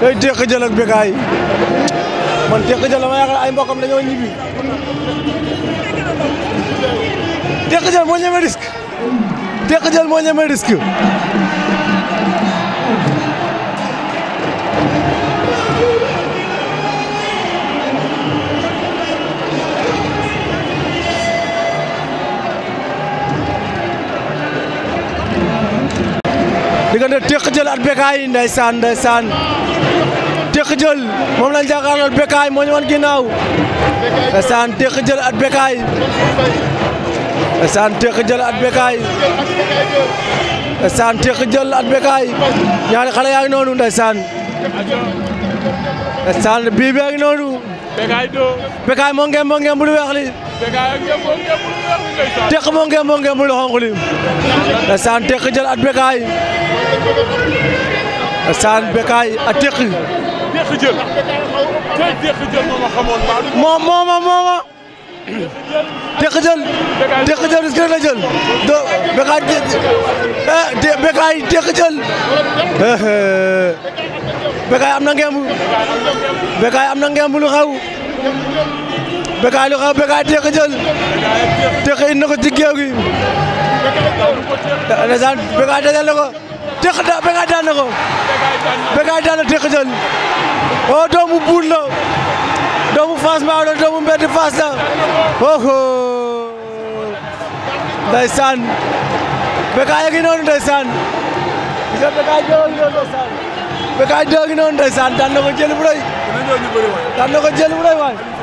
day Tekk Jël ak Bécaye man Tekk Jël dama yaakaar ay mbokam dañoo ñibbi Tekk Jël moo ñeme risque Tekk Jël moo ñeme risque diggante Tekk Jël ak Bécaye ndeysaan jël moom la jàkkaarlool Bécaye moo ñu wan ginnaaw ndeysaan teq jël at Bécaye ndeysaan teq jël at Bécaye ndeysaan teq jël at Bécaye ñaari xale yaa ngi noonu ndeysaan ndeysaan bii bee ngi noonu Bécaye moo ngeen moo ngeen bul weex li teq moo ngeen moo ngeen bul xonq li ndeysaan jël Saan Bécaye a teq deqi jël tey deqi jël moo ma la jël donc Bécaye eh, de Bécaye deqi am na ngemb am na ngemb lu xaw Bécaye lu xaw ko ci géew gi. Eh, Bécaye dajal na ko. teq da Bécaye daan na ko Bécaye daan na teq jël oh, doomu buun la doomu Fass Mbaw la doomu mbedd Fass la oho ndeysaan Bécaye a ngi noonu ndeysaan gis nga Bécaye jëloon noonu ndeysaan Bécaye jëloon noonu ndeysaan daan na ko jël bu daan na ko jël bu waay